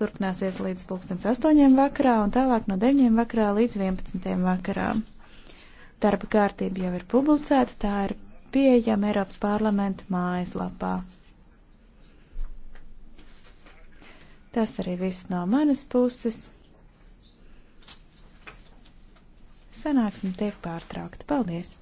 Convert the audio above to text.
turpināsies līdz 2008. vakarā un tālāk no 9. vakarā līdz 11. vakarā. Darba kārtība jau ir publicēta, tā ir pieejama Eiropas parlamenta mājaslapā. Tas arī viss no manas puses. Sanāksim tiek pārtraukta. Paldies!